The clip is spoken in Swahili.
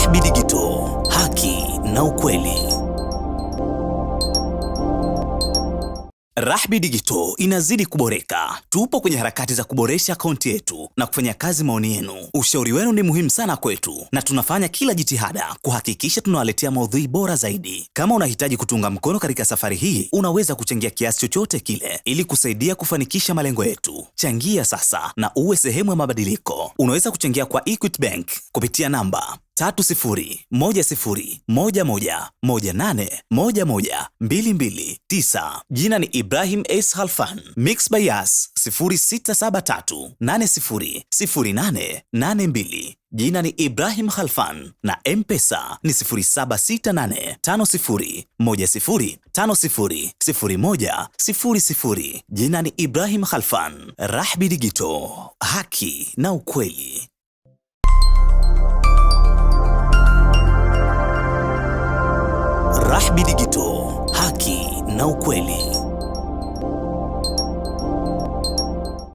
Ashby Digital, haki na ukweli. Rahbi Digital inazidi kuboreka. Tupo kwenye harakati za kuboresha akaunti yetu na kufanya kazi maoni yenu. Ushauri wenu ni muhimu sana kwetu na tunafanya kila jitihada kuhakikisha tunawaletea maudhui bora zaidi. Kama unahitaji kutunga mkono katika safari hii, unaweza kuchangia kiasi chochote kile ili kusaidia kufanikisha malengo yetu. Changia sasa na uwe sehemu ya mabadiliko. Unaweza kuchangia kwa Equity Bank kupitia namba tatu sifuri moja sifuri moja moja moja nane moja moja mbili mbili tisa. Jina ni Ibrahim s halfan Mix Bias sifuri sita saba tatu nane sifuri sifuri nane nane mbili. Jina ni Ibrahim halfan na M-Pesa ni 07685010500100. Jina ni Ibrahim halfan rahbi digito haki na ukweli. Ashby Digital, haki na ukweli.